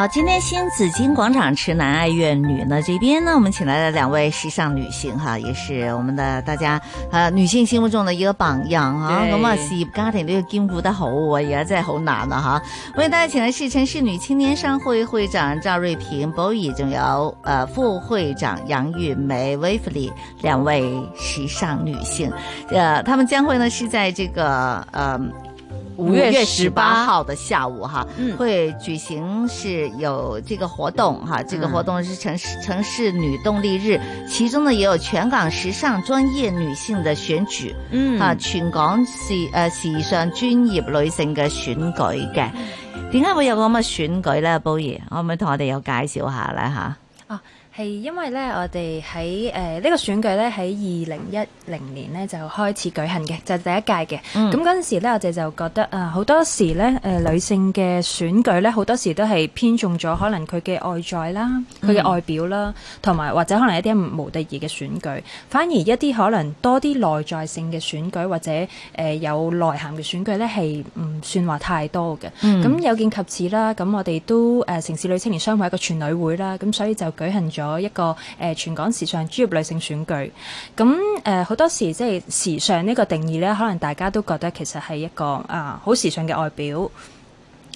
好，今天新紫金廣場痴男愛怨女呢？這邊呢，我們請來了兩位時尚女性，哈，也是我們的大家，啊、呃，女性心目中的一個榜樣，哈。咁啊，事業對、嗯、家庭都要兼顧得好，而家真係好難啦，哈、啊。為大家請來是城市女青年商會會，會長趙瑞萍 b o y s 仲有呃，副會長楊玉梅、Wifly 兩位時尚女性，呃，他們將會呢，是在這個，嗯、呃。五月十八號的下午哈、啊嗯，會舉行是有這個活動哈、啊，這個活動是城市、嗯、城市女動力日，其中呢也有全港時尚專業女性的選舉、啊，嗯啊，全港時呃時尚專業女性嘅選舉嘅，點、嗯、解會有咁嘅選舉咧？寶儀，可唔可以同我哋有介紹下咧？哈、啊。係因為咧，我哋喺誒呢個選舉咧，喺二零一零年咧就開始舉行嘅，就係第一屆嘅。咁嗰陣、嗯、時咧，我哋就覺得啊，好、呃、多時咧誒、呃、女性嘅選舉咧，好多時都係偏重咗可能佢嘅外在啦、佢嘅外表啦，同埋、嗯、或者可能一啲無無第二嘅選舉，反而一啲可能多啲內在性嘅選舉或者誒、呃、有內涵嘅選舉咧，係唔算話太多嘅。咁、嗯、有見及此啦，咁我哋都誒、呃、城市女青年商會一個全女會啦，咁所以就舉行咗。咗一個誒、呃、全港時尚專業女性選舉，咁誒好多時即係時尚呢個定義咧，可能大家都覺得其實係一個啊好時尚嘅外表。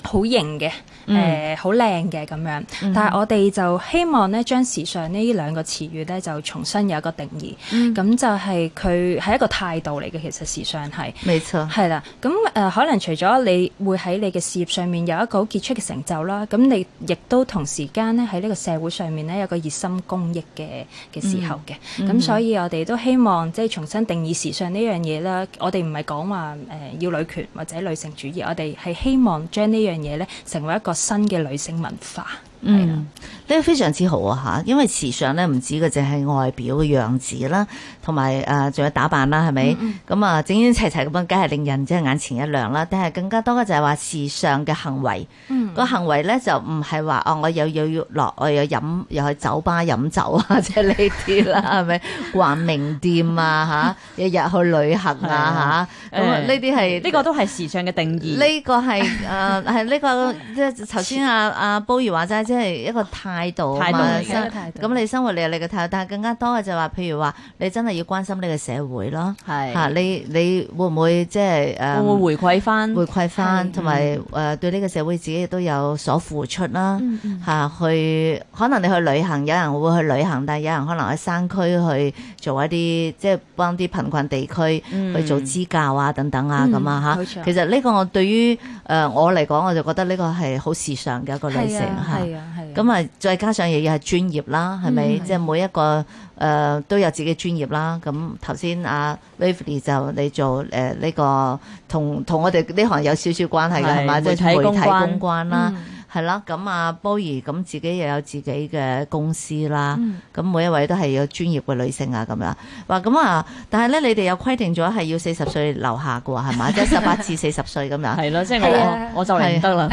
好型嘅，誒好靚嘅咁樣，嗯、哼但係我哋就希望咧，將時尚呢兩個詞語咧，就重新有一個定義。咁、嗯、就係佢係一個態度嚟嘅，其實時尚係，沒錯錯，係啦，咁、嗯、誒、呃、可能除咗你會喺你嘅事業上面有一個好傑出嘅成就啦，咁你亦都同時間咧喺呢個社會上面咧有個熱心公益嘅嘅時候嘅。咁、嗯嗯、所以我哋都希望即係、就是、重新定義時尚呢樣嘢啦。我哋唔係講話誒要女權或者女性主義，我哋係希望將呢樣嘢咧，成為一個新嘅女性文化。嗯，呢個非常之好啊吓，因為時尚咧唔止佢就係外表嘅樣子啦，同埋誒仲有打扮啦，係咪？咁啊整整齊齊咁樣，梗係令人即係眼前一亮啦。但係更加多嘅就係話時尚嘅行為，個行為咧就唔係話哦，我又又要落，我又飲，又去酒吧飲酒啊，即係呢啲啦，係咪？逛名店啊吓，日日去旅行啊吓，咁啊呢啲係呢個都係時尚嘅定義。呢個係誒係呢個即係頭先阿阿煲如話齋即。 即係一個態度啊嘛，生咁你生活你有你嘅態度，但係更加多嘅就話，譬如話你真係要關心呢個社會咯，吓是、啊、你你會唔會即係誒會唔會回饋翻回饋翻，同埋誒對呢個社會自己都有所付出啦，吓、啊、去可能你去旅行，有人會去旅行，但係有人可能喺山區去做一啲即係幫啲貧困地區去做支教啊等等啊咁啊吓，其實呢個我對於誒、呃、我嚟講，我就覺得呢個係好時尚嘅一個旅程。吓、啊。咁啊，嗯、再加上又要係專業啦，係咪？嗯、即係每一個誒、呃、都有自己專業啦。咁頭先啊，Wendy 就你做誒呢、呃，呢個同同我哋呢行有少少關係嘅係嘛？即係的的媒體公關啦。嗯係啦，咁啊波兒，咁自己又有自己嘅公司啦。咁每一位都係有專業嘅女性啊，咁樣。話咁啊，但係咧，你哋有規定咗係要四十歲樓下嘅話係嘛？即係十八至四十歲咁樣。係咯，即係 我我就嚟得啦。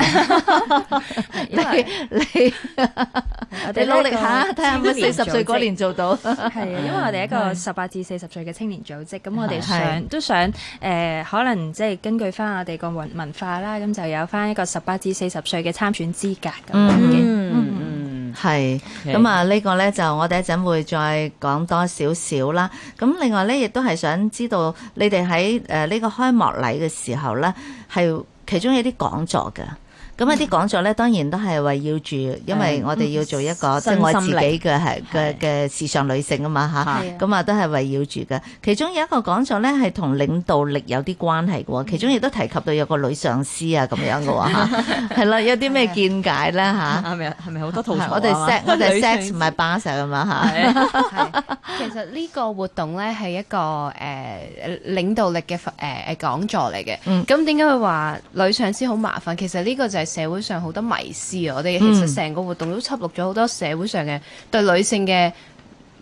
你你你努力下，睇下可唔四十歲嗰年做到。係啊，因為我哋一個十八至四十歲嘅青年組織，咁 我哋想都想誒、呃，可能即係根據翻我哋個文文化啦，咁就有翻一個十八至四十歲嘅參選。資格咁樣嘅，嗯，係咁啊！是，Okay。呢個咧就我哋一陣會再講多少少啦。咁另外咧，亦都係想知道你哋喺誒呢個開幕禮嘅時候咧，係其中有啲講座嘅。咁啊啲講座咧，當然都係圍繞住，因為我哋要做一個即係我自己嘅係嘅嘅時尚女性啊嘛吓，咁啊都係圍繞住嘅。其中有一個講座咧，係同領導力有啲關係嘅。其中亦都提及到有個女上司啊咁樣嘅吓，係啦，有啲咩見解咧吓，係咪係咪好多吐槽？我哋 sex 我哋 sex 唔係 balance 啊嘛吓，其實呢個活動咧係一個誒領導力嘅誒誒講座嚟嘅。咁點解佢話女上司好麻煩？其實呢個就係。社會上好多迷思啊！我哋其實成個活動都輯錄咗好多社會上嘅對女性嘅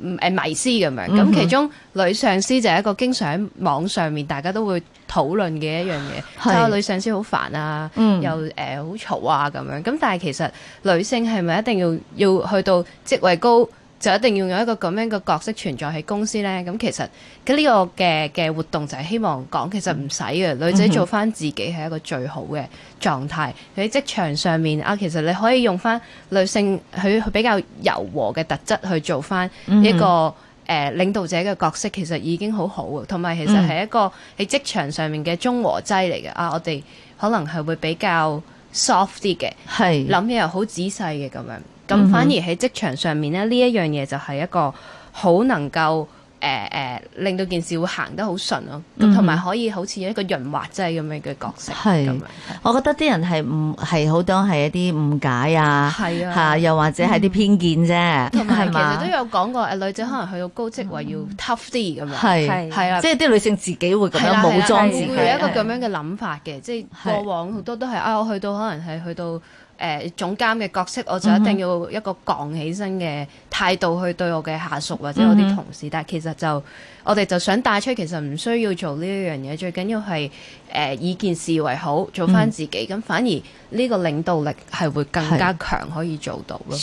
誒、呃、迷思咁樣。咁、嗯、哼其中女上司就係一個經常喺網上面大家都會討論嘅一樣嘢。即係是女上司好煩啊，嗯、又誒好嘈啊咁樣。咁但係其實女性係咪一定要要去到職位高？就一定要有一個咁樣嘅角色存在喺公司咧？咁，其實，佢呢個嘅嘅活動就係希望講，其實唔使嘅，嗯、哼女仔做翻自己係一個最好嘅狀態，喺職、嗯、哼場上面啊。其實你可以用翻女性佢比較柔和嘅特質去做翻一個誒、嗯哼呃、領導者嘅角色，其實已經好好，同埋其實係一個喺職場上面嘅中和劑嚟嘅啊。我哋可能係會比較 soft 啲嘅，係諗嘢又好仔細嘅咁樣。咁反而喺職場上面咧，呢一樣嘢就係一個好能夠誒誒，令到件事會行得好順咯。咁同埋可以好似一個潤滑劑咁樣嘅角色。係，我覺得啲人係唔係好多係一啲誤解啊，嚇又或者係啲偏見啫。同埋其實都有講過，誒女仔可能去到高職位要 tough 啲咁樣。係係啦，即係啲女性自己會覺得武裝自己，會有一個咁樣嘅諗法嘅。即係過往好多都係啊，我去到可能係去到。誒、呃、總監嘅角色，我就一定要一個槓起身嘅態度去對我嘅下屬或者我啲同事，mm hmm. 但係其實就我哋就想帶出，其實唔需要做呢一樣嘢，最緊要係誒、呃、以件事為好，做翻自己，咁、mm hmm. 反而呢個領導力係會更加強是可以做到咯。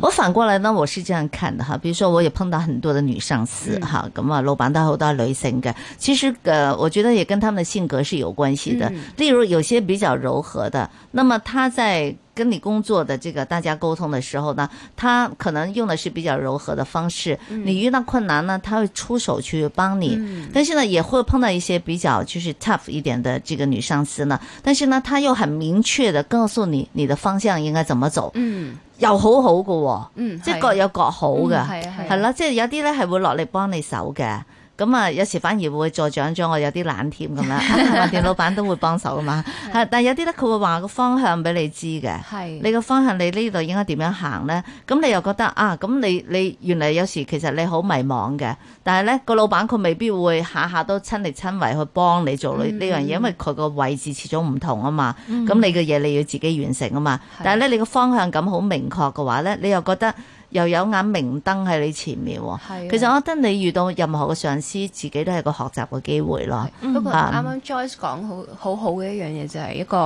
我反過來呢，我是這樣看的哈。譬如說，我也碰到很多的女上司哈，咁、mm hmm. 啊，老闆都好多女性嘅，其實我覺得也跟他們的性格是有關係的。Mm hmm. 例如有些比較柔和的，那麼他在跟你工作的這個大家溝通的時候呢，他可能用的是比較柔和的方式。嗯、你遇到困難呢，他會出手去幫你、嗯。但是呢，也會碰到一些比較就是 tough 一點的這個女上司呢。但是呢，他又很明確的告訴你你的方向應該怎麼走。嗯，又好好個嗯，即係各有各、嗯、好嘅。係啊係。係咯，即係有啲咧係會落嚟幫你手嘅。咁啊、嗯，有時反而會助長咗，我有啲懶添。咁樣、 啊。店老闆都會幫手啊嘛， 但係有啲咧，佢會話個方向俾你知嘅。係是，你個方向，你呢度應該點樣行咧？咁你又覺得啊？咁你你原嚟有時其實你好迷茫嘅，但係咧個老闆佢未必會下下都親力親為去幫你做呢呢樣嘢，嗯嗯，因為佢個位置始終唔同啊嘛。咁、嗯嗯、你嘅嘢你要自己完成啊嘛。是但係咧，你個方向感好明確嘅話咧，你又覺得。又有眼明燈喺你前面喎、哦，是的 其實我覺得你遇到任何嘅上司，自己都係個學習嘅機會咯。不過啱啱 Joyce 講好，好好好嘅一樣嘢就係一個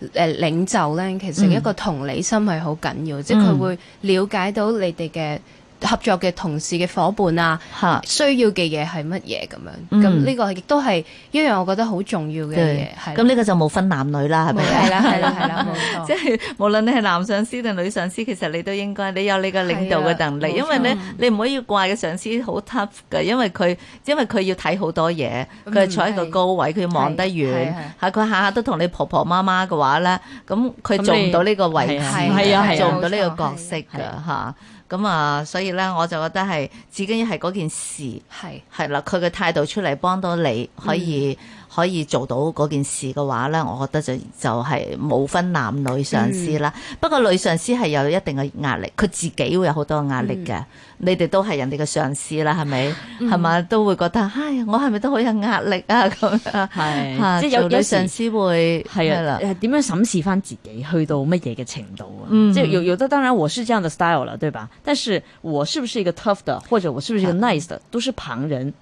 誒、呃、領袖咧，其實一個同理心係好緊要，嗯、即係佢會了解到你哋嘅。合作嘅同事嘅伙伴啊，需要嘅嘢係乜嘢咁樣？咁呢、嗯、個亦都係一樣，我覺得好重要嘅嘢。咁呢嗎、嗯、個就冇分男女啦，係咪？係啦，係啦，係啦，冇錯。 即係無論你係男上司定女上司，其實你都應該，你有你嘅領導嘅能力、啊因呢。因為咧，你唔可以怪嘅上司好 tough 噶，因為佢因為佢要睇好多嘢，佢坐喺個高位，佢要望得遠。係佢下下都同你婆婆媽媽嘅話咧，咁佢做唔到呢個位置，做唔到呢個角色嘅嚇。咁啊、嗯，所以咧，我就覺得係，至緊要係嗰件事，係係是啦，佢嘅態度出嚟幫到你，可以、嗯。可以做到嗰件事嘅話咧，我覺得就就係冇分男女上司啦。嗯、不過女上司係有一定嘅壓力，佢自己會有好多壓力嘅。嗯、你哋都係人哋嘅上司啦，係咪？係嘛、嗯，都會覺得唉，我係咪都好有壓力啊？咁樣。係是，即係有女上司會，係啊。點、啊、樣審視翻自己去到乜嘢嘅程度啊？嗯、哼即係有有得當然我是這樣嘅 style 啦，對吧？但是我是不是一個 tough 的，或者我是不是一個 nice 都，都是旁人。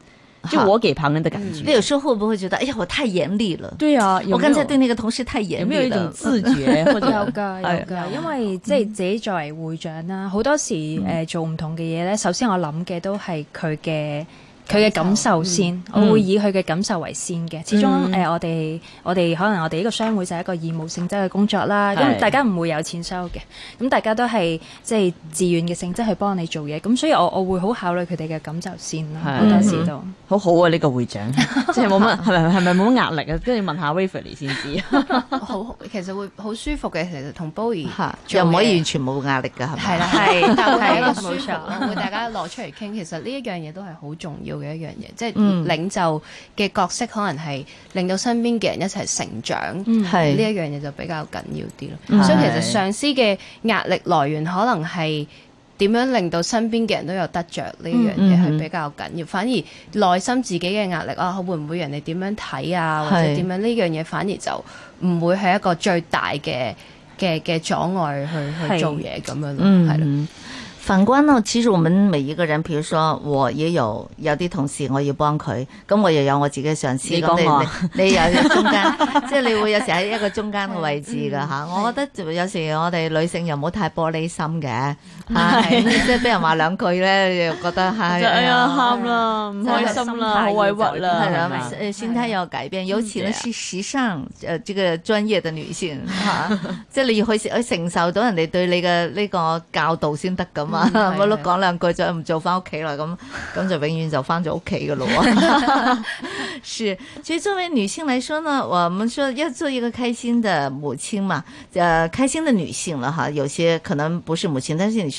就我給旁人的感覺，嗯、你有時候會不會覺得，哎呀，我太嚴厲了？對啊，有冇我剛才對那個同事太嚴厲，有冇一種自覺？ 有㗎有㗎，因為、嗯、即係自己作為會長啦，好多時誒、呃、做唔同嘅嘢咧，首先我諗嘅都係佢嘅。佢嘅感受先，嗯、我會以佢嘅感受為先嘅。始終誒、嗯呃，我哋我哋可能我哋呢個商會就係一個義務性質嘅工作啦。因為的大家唔會有錢收嘅，咁大家都係即係自願嘅性質去幫你做嘢。咁所以我，我我會好考慮佢哋嘅感受先好的、嗯嗯、多時都好好啊！呢、這個會長 即係冇乜係咪係咪冇乜壓力啊？跟住問，問下 Waverly 先知。 好，其實會好舒服嘅。其實同 b o y 又唔可以完全冇壓力㗎，係咪？係啦，係，係一個舒服。 會大家攞出嚟傾，其實呢一樣嘢都係好重要。每一樣嘢，即係領袖嘅角色，可能係令到身邊嘅人一齊成長，係呢一樣嘢就比較緊要啲咯。嗯、所以其實上司嘅壓力來源，可能係點樣令到身邊嘅人都有得着呢樣嘢，係比較緊要。嗯嗯嗯、反而內心自己嘅壓力啊，會唔會人哋點樣睇啊，是或者點樣呢樣嘢，反而就唔會係一個最大嘅嘅嘅阻礙去是去做嘢咁樣咯，係咯、嗯。嗯嗯反觀呢，其實我們每一個人，譬如說，我也有有啲同事，我要幫佢，咁我又有我自己嘅上司。咁你講說我你你，你有中間，即係 你會有時喺一個中間嘅位置噶吓。 我覺得有時我哋女性又唔好太玻璃心嘅。係，即係俾人話兩句咧，又覺得吓，哎呀，喊啦，唔開心啦，好委屈啦，係啦，誒，心態又改變。尤其是時尚誒，這個專業的女性吓，即係你要去承受到人哋對你嘅呢個教導先得噶嘛。冇咯，講兩句就唔做翻屋企啦，咁咁就永遠就翻咗屋企噶咯。是，所以作為女性嚟說呢，我們說要做一個開心的母親嘛，誒，開心的女性啦，哈，有些可能不是母親，但是你。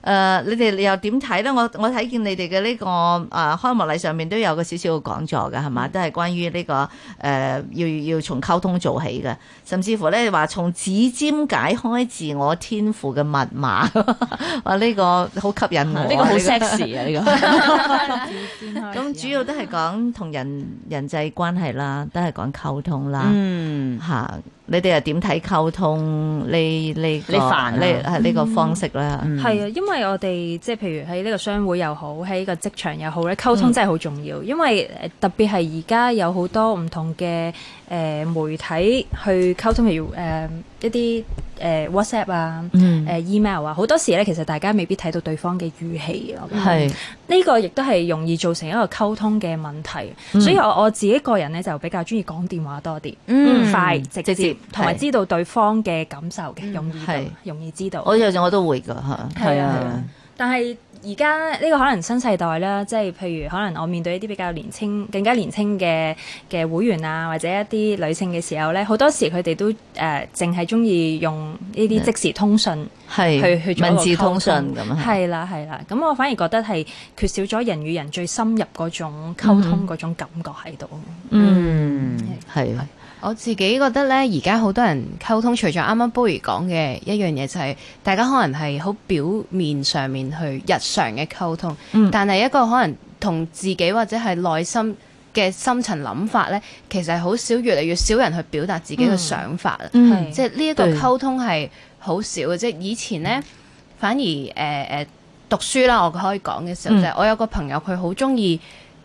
誒、呃，你哋又點睇咧？我我睇見你哋嘅呢個誒、呃、開幕禮上面都有個少少嘅講座嘅，係嘛？都係關於呢、這個誒、呃、要要從溝通做起嘅，甚至乎咧話從指尖解開自我天賦嘅密碼，啊呢、 這個好吸引我，呢、這個好 sexy 啊呢個。咁 主要都係講同人人際關係啦，都係講溝通啦。嗯，係。你哋又點睇溝通你你你你呢？呢呢個方式咧？係啊，因為我哋即係譬如喺呢個商會又好，喺呢個職場又好咧，溝通真係好重要。嗯，因為特別係而家有好多唔同嘅誒媒體去溝通，譬如誒、呃、一啲誒、呃、WhatsApp 啊、誒、呃、email 啊，好多時咧，其實大家未必睇到對方嘅語氣咯。係呢、嗯嗯、個亦都係容易造成一個溝通嘅問題。嗯、所以我我自己個人咧就比較中意講電話多啲，快、嗯、直接同埋知道對方嘅感受嘅，嗯、容易是容易知道。我有時我都會噶嚇，係啊，但係、啊。而家呢個可能新世代啦，即係譬如可能我面對一啲比較年青、更加年青嘅嘅會員啊，或者一啲女性嘅時候呢，好多時佢哋都誒，淨係鍾意用呢啲即時通訊去是去做文字通訊咁啊，係啦係啦，咁我反而覺得係缺少咗人與人最深入嗰種溝通嗰種感覺喺度。嗯，係、嗯的我自己覺得咧，而家好多人溝通，除咗啱啱 Bowie 講嘅一樣嘢，就係、是、大家可能係好表面上面去日常嘅溝通，嗯、但係一個可能同自己或者係內心嘅深層諗法咧，其實係好少越嚟越少人去表達自己嘅想法，嗯嗯、即係呢一個溝通係好少嘅。對即係以前咧，對反而誒誒、呃、讀書啦，我可以講嘅時候，嗯、就係我有個朋友佢好中意。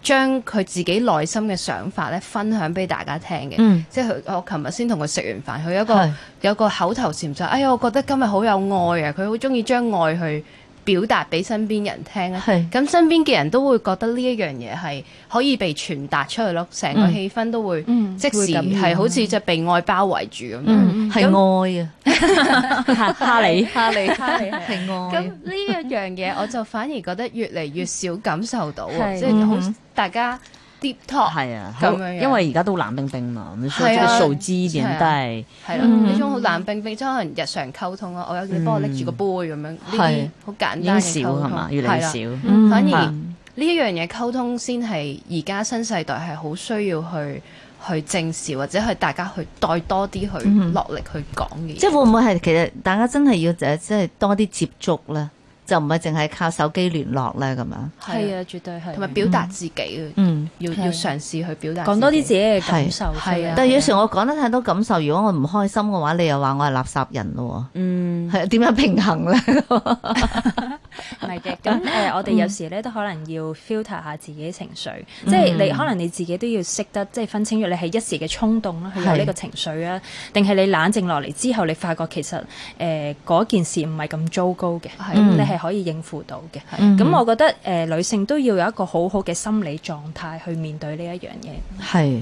將佢自己內心嘅想法咧，分享俾大家聽嘅，嗯、即係佢我琴日先同佢食完飯，佢有一個是有一個口頭禪就，哎呀，我覺得今日好有愛啊！佢好中意將愛去。表達俾身邊人聽咧，咁身邊嘅人都會覺得呢一樣嘢係可以被傳達出去咯，成個氣氛都會即時係好似就被愛包圍住咁樣，係愛啊！哈利，哈利，哈利係愛。咁呢一樣嘢，我就反而覺得越嚟越少感受到，即係好大家。接托係啊，咁樣因為而家都冷冰冰嘛，咁所以個數字點都係係咯，呢、啊、種好冷冰冰，即可能日常溝通咯、啊，我有時幫我拎住個杯咁樣，呢啲好簡單嘅溝通係啦、啊，越嚟越少，啊嗯、反而呢一樣嘢溝通先係而家新世代係好需要去去正視，或者係大家帶去代多啲去落力去講嘅、嗯嗯。即係會唔會係其實大家真係要就即係多啲接觸啦？就唔係淨係靠手機聯絡咧，咁樣係啊，絕對係，同埋表達自己嘅，嗯，要、啊、要嘗試去表達，講多啲自己嘅感受，係啊，啊啊但係有時我講得太多感受，如果我唔開心嘅話，你又話我係垃圾人咯，嗯，係點、啊、樣平衡咧？ 係嘅， 咁誒，我哋有時咧都可能要 filter 下自己情緒，嗯、即係你可能你自己都要識得，即、就、係、是、分清楚你係一時嘅衝動啦，去有呢個情緒啊，定係是你冷靜落嚟之後，你發覺其實誒嗰、呃、件事唔係咁糟糕嘅，咁的、嗯、你係可以應付到嘅。咁、嗯、我覺得誒、呃、女性都要有一個好好嘅心理狀態去面對呢一樣嘢。係。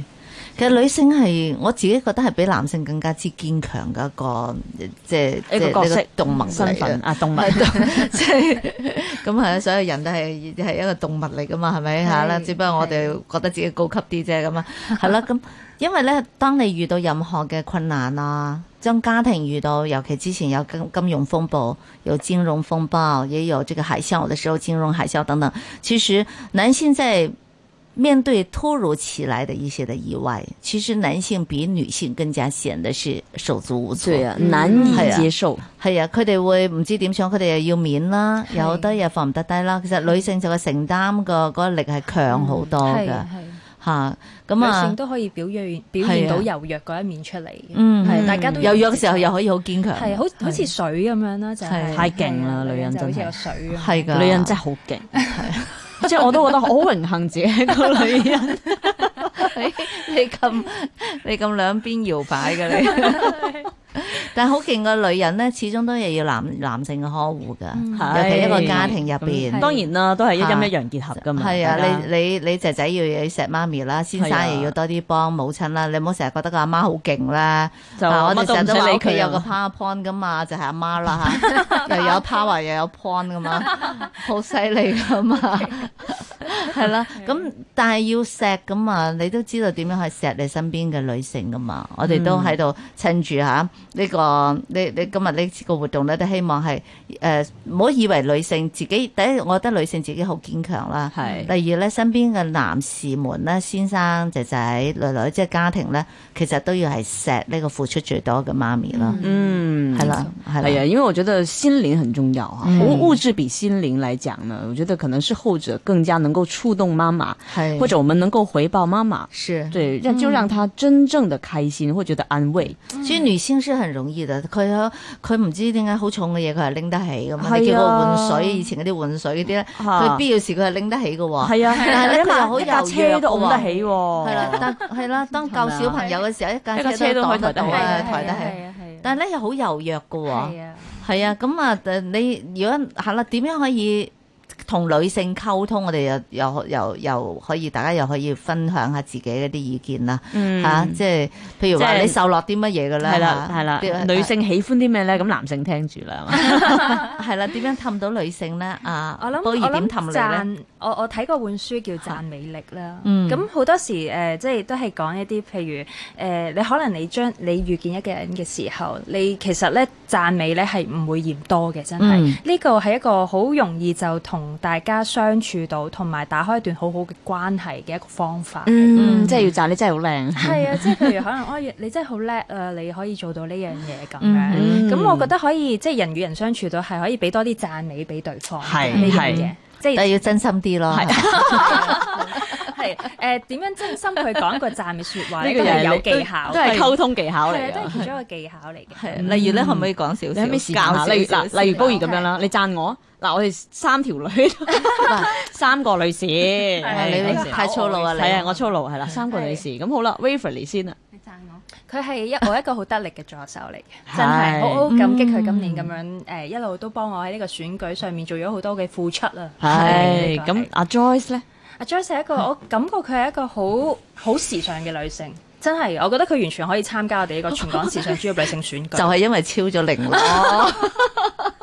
其實女性係，我自己覺得係比男性更加之堅強嘅一個即係一個，一個，一個角色一個動、動物身份分啊，動物。 即係咁係啦，所有人都係係一個動物嚟噶嘛，係咪吓啦？是只不過我哋覺得自己高級啲啫，咁啊的，係啦、 嗯。咁因為咧，當你遇到任何嘅困難啦、啊，將家庭遇到，尤其之前有金金融風暴，有金融風暴，也有這個海嘯，或者有金融海嘯等等。其實男性在面對突如其來的一些的意外，其實男性比女性更加顯得是手足無措，難以接受。係啊，佢哋會唔知點想，佢哋又要面啦，有得又放唔得低啦。其實女性就會承擔個個力係強好多嘅，吓咁啊。女性都可以表越表現到柔弱嗰一面出嚟，大家都柔弱嘅時候又可以好堅強，係好好似水咁樣啦，就係太勁啦，女人真係水，係噶，女人真係好勁，係。即係我都覺得好榮幸自己係一個女人。你咁你咁兩邊搖擺嘅你，但係好勁嘅女人咧，始終都係要男男性嘅呵護噶，尤其一個家庭入邊。當然啦，都係一陰一陽結合噶嘛。係啊，你你你仔仔要要錫媽咪啦，先生又要多啲幫母親啦，你唔好成日覺得個阿媽好勁啦。就我哋成日都話屋企有個 power point 嘅嘛，就係阿媽啦，又有 power 又有 point 嘅嘛，好犀利噶嘛。係 啦，咁但係要錫噶嘛。你都知道點樣去錫你身邊嘅女性噶嘛？嗯、我哋都喺度趁住吓呢個，你你，你今日呢個活動咧都希望係誒，唔、呃、好以為女性自己第一，我覺得女性自己好堅強啦。係是，第二咧身邊嘅男士們咧，先生仔仔女女即係家庭咧，其實都要係錫呢個付出最多嘅媽咪咯。嗯，係啦，係啊、嗯嗯，因為我覺得心靈很重要啊。物物質比心靈嚟講呢，我覺得可能是後者更加能，夠觸動媽媽，或者我們能夠回報媽媽是對，就讓她真正的開心會覺得安慰。其實女性是很容易的，佢佢唔知點解好重嘅嘢，佢係拎得起咁啊！你叫我換水，以前嗰啲換水嗰啲佢必要時佢係拎得起嘅，係啊！但係咧佢又好柔弱嘅，係啦，係啦，當教小朋友嘅時候，一架車都可以抬得起，抬得起，但係咧又好柔弱嘅，係啊，係啊，咁啊，你如果係啦，點樣可以？同女性溝通，我哋又又又又可以，大家又可以分享一下自己嗰啲意見啦嚇、嗯啊，即係譬如話是你受落啲乜嘢嘅咧，係啦係啦，呃、女性喜歡啲咩咧？咁男性聽住啦，係啦， 點樣氹到女性咧？啊，我諗可以點氹你咧，我我睇過本書叫《讚美力》啦，咁、嗯、好多時誒、呃，即係都係講一啲譬如誒，你、呃、可能你將你遇見一個人嘅時候，你其實咧讚美咧係唔會嫌多嘅，真係呢個係一個好容易就同。大家相處到，同埋打開一段好好嘅關係嘅一個方法。嗯，即係要讚，你真係好靚。係啊，即係譬如可能，哦，你真係好叻啊！你可以做到呢樣嘢咁樣。咁我覺得可以，即係人與人相處到係可以俾多啲讚美俾對方。呢樣嘢，即係都要真心啲咯。係誒，點樣真心地去講一個讚嘅說話，都係有技巧，都係溝通技巧嚟嘅，都係其中一個技巧嚟嘅。係，例如咧，可唔可以講少少？教我少少啊？例如嗱，例如高如咁樣啦，你讚我嗱，我哋三條女，唔係三個女士，你女士太粗魯啊！係啊，我粗魯係啦，三個女士咁好啦，Ravenly 先啦，你讚我，佢係一我一個好得力嘅助手嚟嘅，真係好好感激佢今年咁樣誒，一路都幫我喺呢個選舉上面做咗好多嘅付出啊！係咁，阿 Joyce 咧。阿 Joyce 係一個，我感覺佢係一個好好時尚嘅女性，真係，我覺得佢完全可以參加我哋呢個全港時尚主要女性選舉， 就係因為超咗零咯。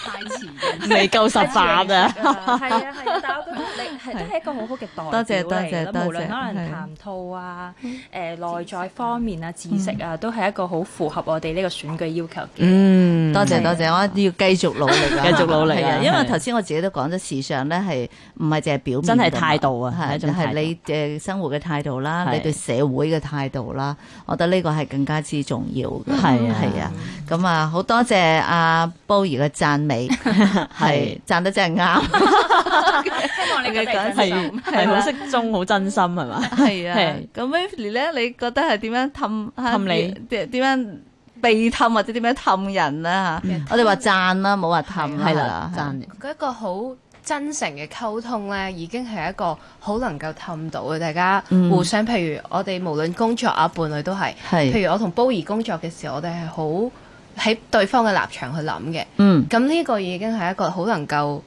太前未夠十八啊！係啊，係，但我覺得你係都係一個好好嘅代表嚟啦。多謝多謝。無論可能談吐啊、誒內在方面啊、知識啊，都係一個好符合我哋呢個選舉要求嘅。嗯，多謝多謝，我一定要繼續努力，繼續努力啊！因為頭先我自己都講咗時尚咧，係唔係淨係表面？真係態度啊，係一種係你嘅生活嘅態度啦，你對社會嘅態度啦，我覺得呢個係更加之重要嘅。係啊，咁啊，好多謝阿波兒嘅讚。你係讚得真係啱， 希望你嘅係係好適中，好真心係嘛？係 啊，咁咧你咧，你覺得係點樣氹氹哄你、啊？即係點樣被氹，或者點樣氹人啊？嚇、嗯！我哋話讚啦，冇話氹啦，係啦，讚。佢、啊、一個好真誠嘅溝通咧，已經係一個好能夠氹到嘅，大家互相。譬如我哋無論工作啊，伴侶都係。係、嗯啊。譬如我同 Bowie 工作嘅時候，我哋係好。喺對方嘅立場去諗嘅，咁呢、嗯、個已經係一個好能夠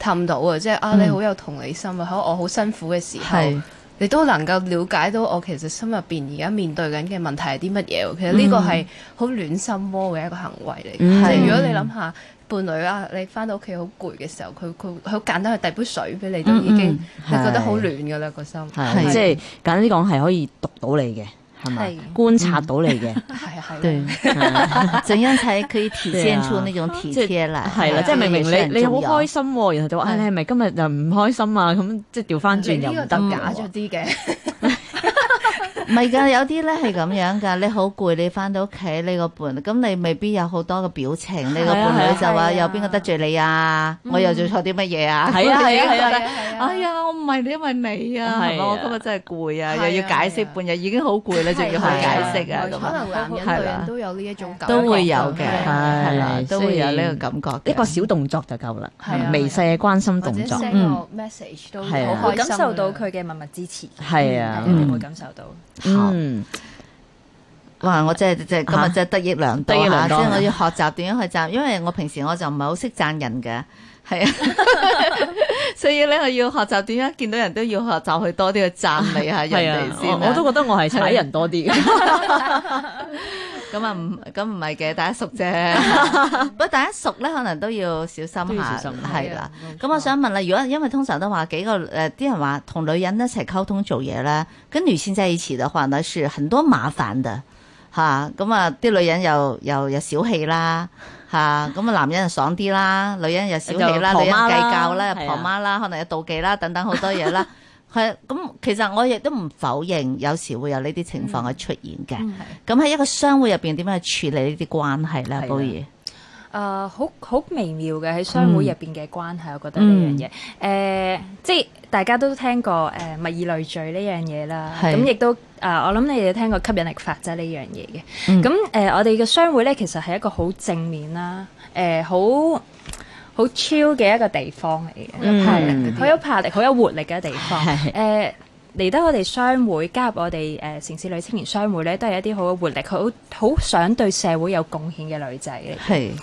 氹到啊！即係啊，你好有同理心啊！喺、嗯、我好辛苦嘅時候，是你都能夠了解到我其實心入邊而家面對緊嘅問題係啲乜嘢？其實呢個係好暖心窩嘅一個行為嚟。嗯、即係如果你諗下伴侶啊，你返到屋企好攰嘅時候，佢佢好簡單去遞杯水俾你，都已經、嗯嗯、你覺得好暖㗎喇個心。即係簡單啲講，係可以讀到你嘅。係觀察到你嘅，係啊係，怎樣才可以體現出那種體貼啦？係啦，即係明明你你好開心，然後就話你係咪今日就唔開心啊，咁即係調翻轉又唔得。唔係㗎，有啲咧係咁樣㗎。你好攰，你翻到屋企，你個伴，咁你未必有好多個表情。你個伴女就話：有邊個得罪你啊？我又做錯啲乜嘢啊？係啊係啊係啊！哎呀，我唔係你，因為你啊，我今日真係攰啊，又要解釋半日，已經好攰啦，仲要去解釋啊。可能男人女人都有呢一種感覺，都會有嘅，係啦，都會有呢個感覺。一個小動作就夠啦，微細嘅關心動作，或者 send 個 message 都好開心嘅，感受到佢嘅默默支持，係啊，嗯，會感受到。嗯，哇！我真係即係今日真係得益良多啊！即係我要學習點樣去讚，因為我平時我就唔係好識讚人嘅。係啊， 所以咧我要學習點樣見到人都要學習去多啲去讚美一下人哋先，啊 啊我。我都覺得我係踩人多啲。 咁啊唔，咁唔係嘅，大家熟啫。不過大家熟咧，可能都要小心下，係啦。咁我想問啦，如果因為通常都話幾個誒，啲人話同女人一齊溝通做嘢啦，跟女性在一起的話呢，是很多麻煩的，嚇。咁啊，啲女人又又又小氣啦，嚇。咁啊，男人又爽啲啦，女人又小氣啦，啦女人計較啦，係婆媽啦，可能又妒忌啦，等等好多嘢啦。係，咁其實我亦都唔否認有時會有呢啲情況嘅出現嘅。咁喺、嗯、一個商會入邊點樣去處理呢啲關係咧？寶儀，誒好好微妙嘅喺商會入邊嘅關係，嗯、我覺得呢樣嘢。誒、嗯呃，即係大家都聽過誒、呃、物以類聚呢樣嘢啦。咁亦的都啊、呃，我諗你哋聽過吸引力法則呢樣嘢嘅。咁誒、嗯呃，我哋嘅商會咧，其實係一個好正面啦，誒、呃、好。好超嘅一個地方嚟嘅，係好有魄力、嗯、力、好有活力嘅地方。誒嚟得我哋商會加入我哋誒、呃、城市女青年商會咧，都係一啲好有活力、好好想對社會有貢獻嘅女仔嘅。係咁係嘅、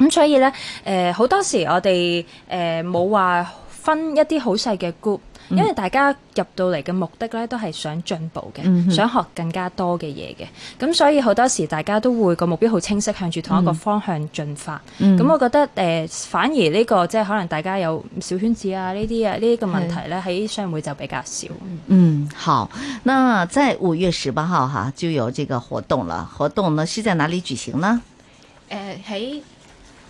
嗯，所以咧誒好多時我哋誒冇話分一啲好細嘅 group。因為大家入到嚟嘅目的咧，都係想進步嘅，嗯、哼想學更加多嘅嘢嘅。咁所以好多時大家都會個目標好清晰，向住同一個方向進發。咁、嗯、我覺得誒、呃，反而呢、這個即係可能大家有小圈子啊，呢啲啊呢、這個問題咧，喺是商會就比較少。嗯，好。即係五月十八號哈就有這個活動了。活動呢是在哪裏舉行呢？誒喺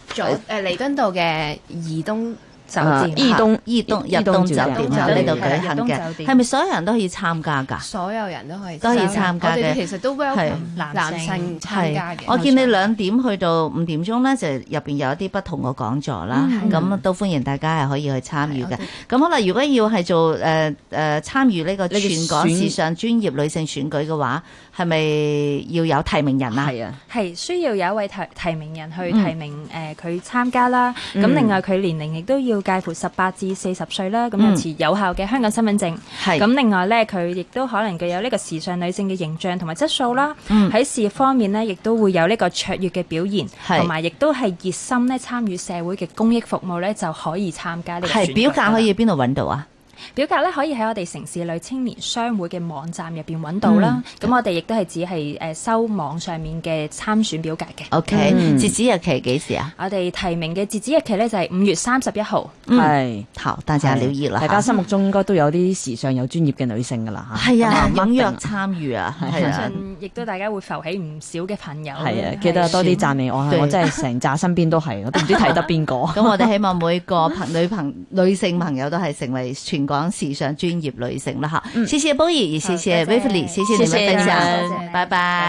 左誒彌敦道嘅怡東。酒店，伊東伊東伊東酒店就呢度舉行嘅。係咪所有人都可以參加㗎？所有人都可以都可以參加嘅，其實都 welcome 男性參加嘅。我見你兩點去到五點鐘咧，就入邊有一啲不同嘅講座啦，咁都歡迎大家係可以去參與嘅。咁好啦，如果要係做誒誒參與呢個全港時尚專業女性選舉嘅話，係咪要有提名人啊？係啊，係需要有一位提提名人去提名誒佢參加啦。咁另外佢年齡亦都要。介乎十八至四十歲啦，咁持有效嘅香港身份證，咁、嗯、另外咧，佢亦都可能具有呢個時尚女性嘅形象同埋質素啦。喺、嗯、事業方面咧，亦都會有呢個卓越嘅表現，同埋亦都係熱心咧參與社會嘅公益服務咧，就可以參加呢個。係表格可以喺邊度揾到啊？表格咧可以喺我哋城市女青年商會嘅網站入邊揾到啦。咁我哋亦都係只係誒收網上面嘅參選表格嘅。O K，截止日期幾時啊？我哋提名嘅截止日期咧就係五月三十一號。係，好，大家留意啦。大家心目中應該都有啲時尚有專業嘅女性噶啦。係啊，踴躍參與啊！相信亦都大家會浮起唔少嘅朋友。係啊，記得多啲讚美我，我真係成扎身邊都係，我都唔知睇得邊個。咁我哋希望每個朋女朋女性朋友都係成為全。講時尚專業女性啦吓，嗯，謝謝 Boyi，也好謝謝 Waverly，拜謝，謝，謝謝你們分享，謝謝拜拜。拜拜。